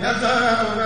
na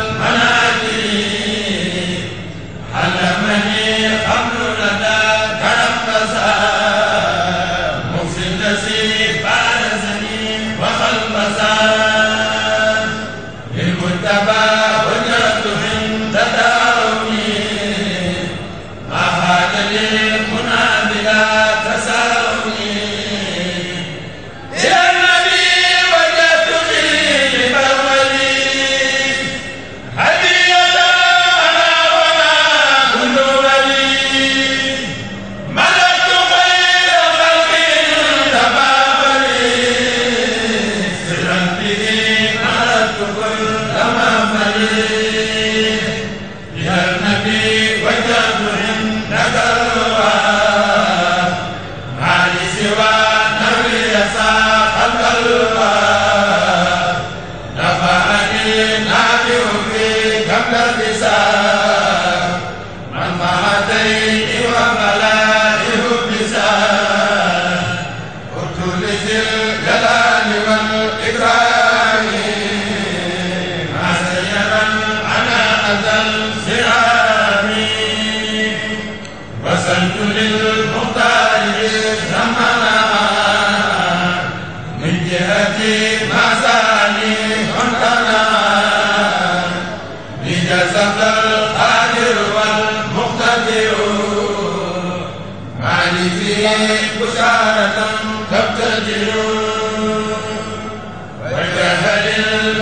Mustafa بشارة تبتدئ وجهل